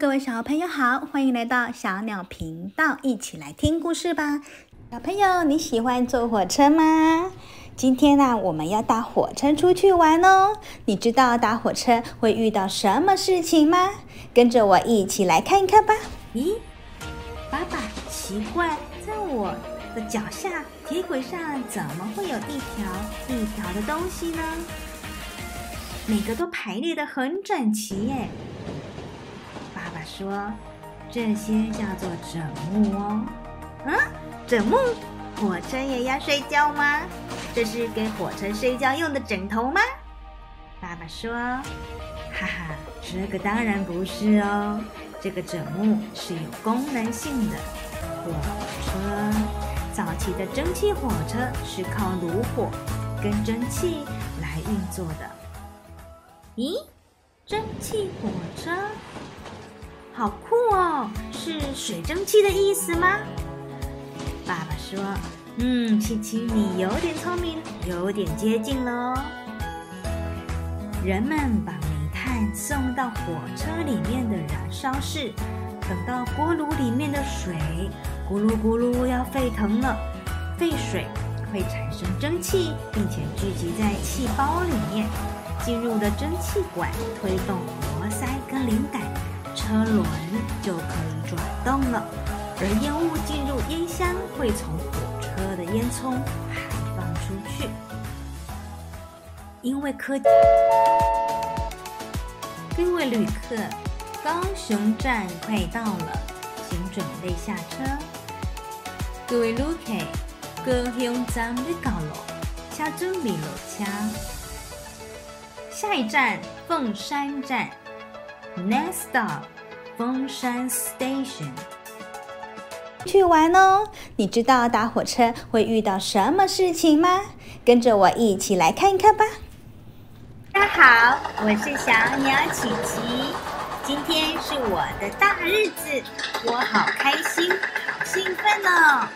各位小朋友好，歡迎來到小鳥頻道，一起來聽故事吧。小朋友，你喜歡坐火車嗎？今天呢、啊，我們要搭火車出去玩哦。你知道搭火車會遇到什麼事情嗎？跟着我一起來看一看吧。咦，爸爸，奇怪，在我的腳下鐵軌上怎麼會有一條一條的東西呢？每個都排列得很整齊耶。說，這些叫做枕木哦。嗯，枕木，火車也要睡覺嗎？這是給火車睡覺用的枕頭嗎？爸爸說，哈哈，這個當然不是哦。這個枕木是有功能性的。火車，早期的蒸汽火車是靠爐火跟蒸汽來運作的。咦誒，蒸汽火車？好酷哦，是水蒸氣的意思嗎？爸爸說：“嗯，琪琪，你有點聰明，有點接近了哦。”人們把煤炭送到火車裡面的燃燒室，等到鍋爐裡面的水咕嚕咕嚕要沸騰了，沸水會產生蒸汽，並且聚集在氣包裡面，進入的蒸汽管推動活塞跟連桿。車輪就可以轉動了，而煙霧進入煙箱，會從火車的煙囪排放出去。因為科，各位旅客，高雄站快到了，請準備下車。各位旅客，高雄站要到了，欲準備落車。下一站鳳山站，Next stop。中山 station 去玩哦！你知道搭火車會遇到什麼事情嗎？跟着我一起來看一看吧。大家好，我是小鳥奇奇，今天是我的大日子，我好開心，好興奮哦！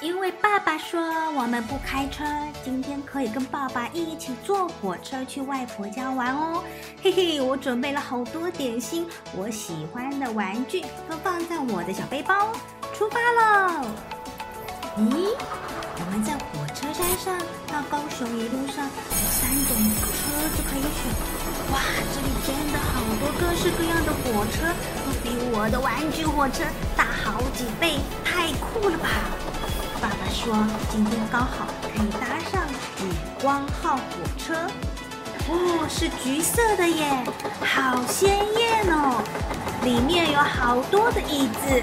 因為爸爸說我們不開車，今天可以跟爸爸一起坐火車去外婆家玩哦，嘿嘿！我準備了好多點心，我喜歡的玩具都放在我的小背包，出發嘍！咦，我們在火車站上，到高雄一路上有三種車子可以選。哇，這裡真的好多各式各樣的火車，都比我的玩具火車大好幾倍，太酷了吧！爸爸說：“今天剛好可以搭上莒光號火車，哦，是橘色的耶，好鮮豔哦！裡面有好多的椅子。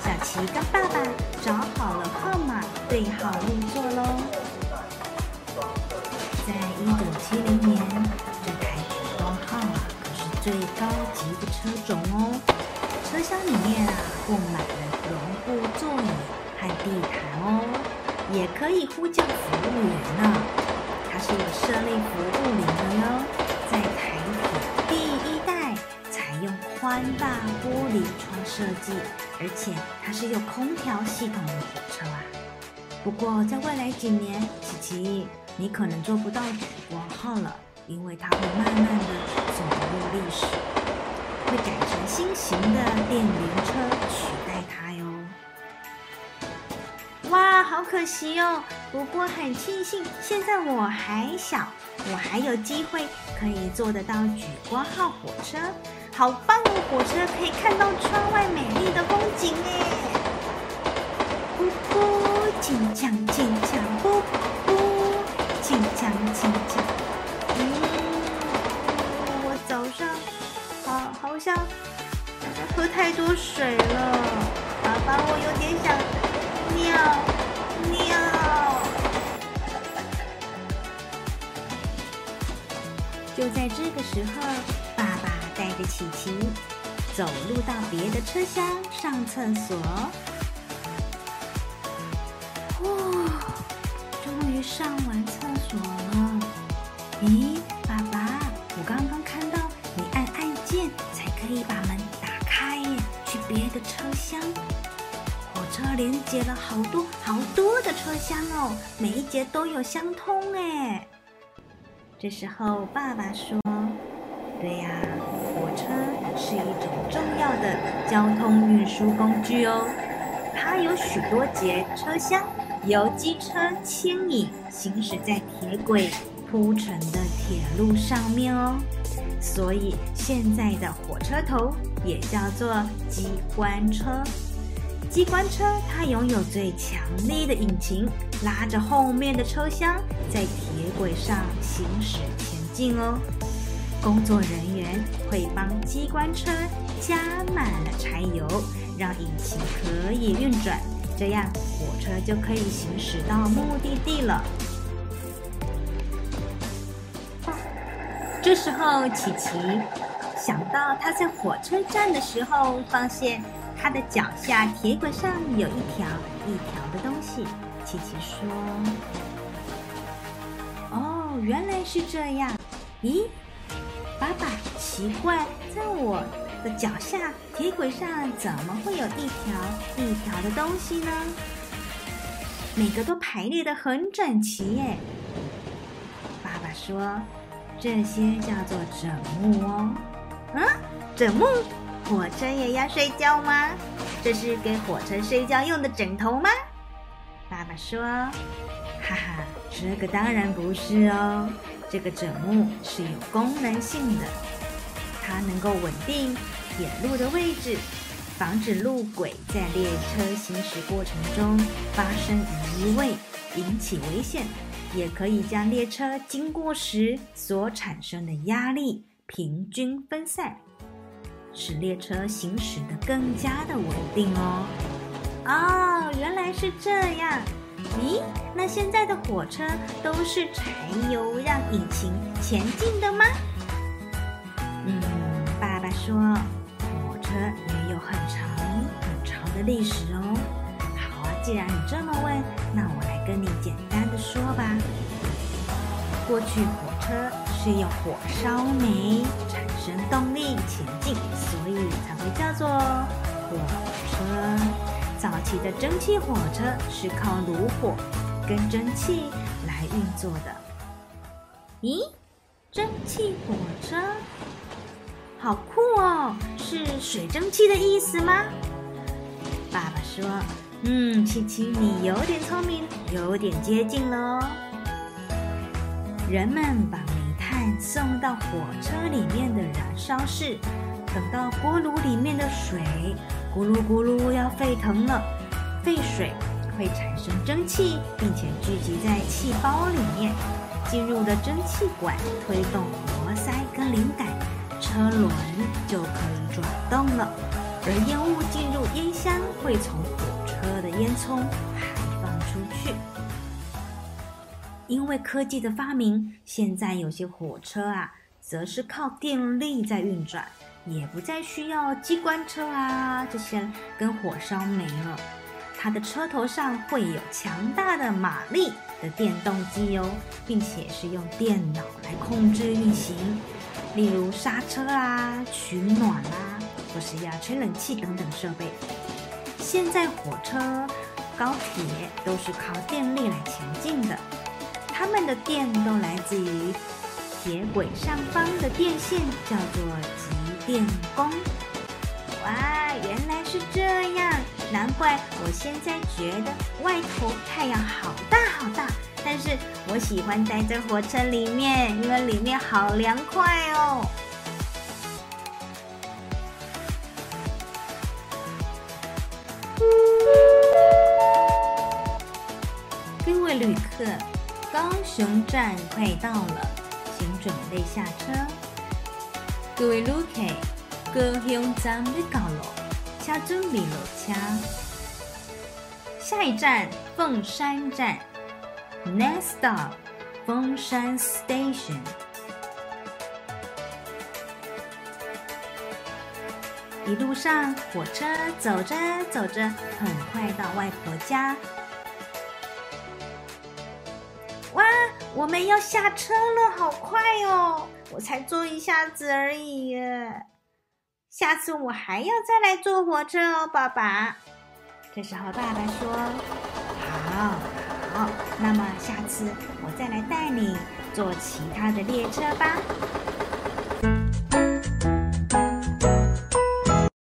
小琪跟爸爸找好了號碼，對號入座嘍。在一九七零年，這台莒光號啊可是最高級的車種哦，車廂裡面啊布滿了絨布座椅。”看地毯哦，也可以呼叫服務員呢、哦。它是有設立服務鈴的喲、哦。在台鐵第一代採用寬大玻璃窗設計，而且它是有空調系統的火車啊。不過在未來幾年，琪琪你可能做不到莒光號了，因為它會慢慢的走入歷史，會改成新型的電聯車取。好可惜哦，不過很慶幸，現在我還小，我還有機會可以坐得到莒光號火車，好棒哦！火車可以看到窗外美麗的風景耶。嗚呼，進槍進槍，嗚呼，進槍進槍。嗯，我早上啊，好像喝太多水了。在這個時候，爸爸帶着琪琪走路到別的車廂上廁所。哇、哦，終於上完廁所了。咦，爸爸，我剛剛看到你按按鍵才可以把門打開耶。去別的車廂，火車連接了好多好多的車廂哦，每一節都有相通誒。這時候，爸爸說：“對呀、啊，火車是一種重要的交通運輸工具哦，它有許多節車廂，由機車牽引，行駛在鐵軌鋪，鋪成的鐵路上面哦。所以，現在的火車頭也叫做機關車。”機關車它擁有最強力的引擎，拉着後面的車廂在鐵軌上行駛前進哦。工作人員會幫機關車加滿了柴油，讓引擎可以運轉，這樣火車就可以行駛到目的地了。啊，這時候，琪琪想到他在火車站的時候發現。他的腳下鐵軌上有一條一條的東西，琪琪說：“哦，原來是這樣。咦，爸爸，奇怪，在我的腳下鐵軌上怎麼會有一條一條的東西呢？每個都排列得很整齊耶。”爸爸說：“這些叫做枕木哦。啊”嗯，枕木。火車也要睡覺嗎？這是給火車睡覺用的枕頭嗎？爸爸說：“哈哈，這個當然不是哦。這個枕木是有功能性的，它能夠穩定鐵路的位置，防止路軌在列車行駛過程中發生移位，引起危險；也可以將列車經過時所產生的壓力平均分散。”使列車行駛得更加的穩定哦。哦，原來是這樣。咦，那現在的火車都是柴油讓引擎前進的嗎？嗯，爸爸說，火車也有很長很長的歷史哦。好啊，既然你這麼問，那我來跟你簡單的說吧。過去火車是用火燒煤神動力前進，所以才會叫做火車。早期的蒸汽火車是靠爐火跟蒸汽來運作的。咦，蒸汽火車好酷哦！是水蒸氣的意思嗎？爸爸說：“嗯，七七，你有點聰明，有點接近了哦。”人們把。送到火車裡面的燃燒室，等到鍋爐裡面的水咕嚕咕嚕要沸騰了，沸水會產生蒸汽，並且聚集在氣包裡面，進入的蒸汽管推動活塞跟連桿，車輪就可以轉動了。而煙霧進入煙箱，會從火車的煙囪排放出去。因為科技的發明，現在有些火車啊，則是靠電力在運轉，也不再需要機關車啊這些跟火燒沒了。它的車頭上會有強大的馬力的電動機哦，並且是用電腦來控制運行，例如剎車啊、取暖啊，或是要吹冷氣等等設備。現在火車、高鐵都是靠電力來前進的。他們的電都來自於鐵軌上方的電線，叫做集電弓。哇，原來是這樣，難怪我現在覺得外頭太陽好大好大，但是我喜歡待在這火車裡面，因為裡面好涼快哦。各位旅客。高雄站快到了，請準備下車。各位旅客，高雄站預告了，下終點了，請。下一站，鳳山站，Next stop，鳳山 Station。一路上火車走着走着，很快到外婆家。我們要下車了，好快哦！我才坐一下子而已啊，下次我還要再來坐火車哦，爸爸。這時候爸爸說：“好，好，那麼下次我再來帶你坐其他的列車吧。”